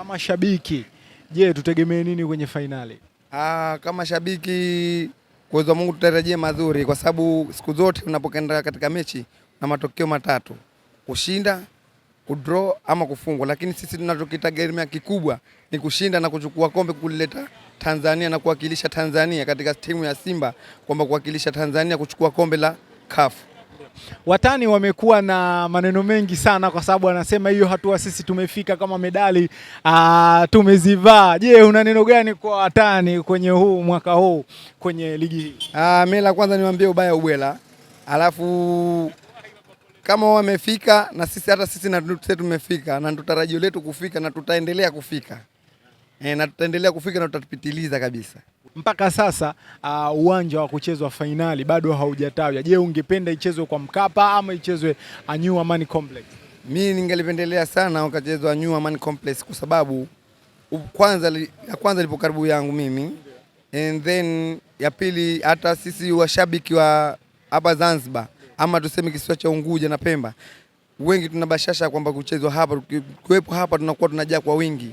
Kama shabiki, je, tutegemee nini kwenye fainali? Ah, kama shabiki kuwezwa Mungu tutarajia mazuri, kwa sababu siku zote unapokenda katika mechi na matokeo matatu, kushinda, kudraw ama kufungwa. Lakini sisi tunachokitegemea kikubwa ni kushinda na kuchukua kombe kulileta Tanzania na kuwakilisha Tanzania katika timu ya Simba, kwamba kuwakilisha Tanzania kuchukua kombe la kafu Watani wamekuwa na maneno mengi sana, kwa sababu anasema hiyo hatua sisi tumefika kama medali uh, tumezivaa. Je, una neno gani kwa watani kwenye huu mwaka huu kwenye ligi hii? Uh, ah, mimi la kwanza niwaambie ubaya ubwela, alafu kama wamefika na sisi hata sisi na tumefika na ndo tarajio letu kufika na tutaendelea kufika e, na tutaendelea kufika na tutapitiliza kabisa mpaka sasa ah, uwanja uh, wa kuchezwa fainali bado haujatajwa. Je, ungependa ichezwe kwa Mkapa ama ichezwe New Amani Complex? Mi ningelipendelea sana ukachezwa New Amani Complex kwa sababu kwanza, ya kwanza lipo karibu yangu mimi and then ya pili, hata sisi washabiki wa hapa Zanzibar ama tuseme kisiwa cha Unguja na Pemba, wengi tunabashasha kwamba kuchezwa hapa, kuwepo hapa tunakuwa tunajaa kwa wingi.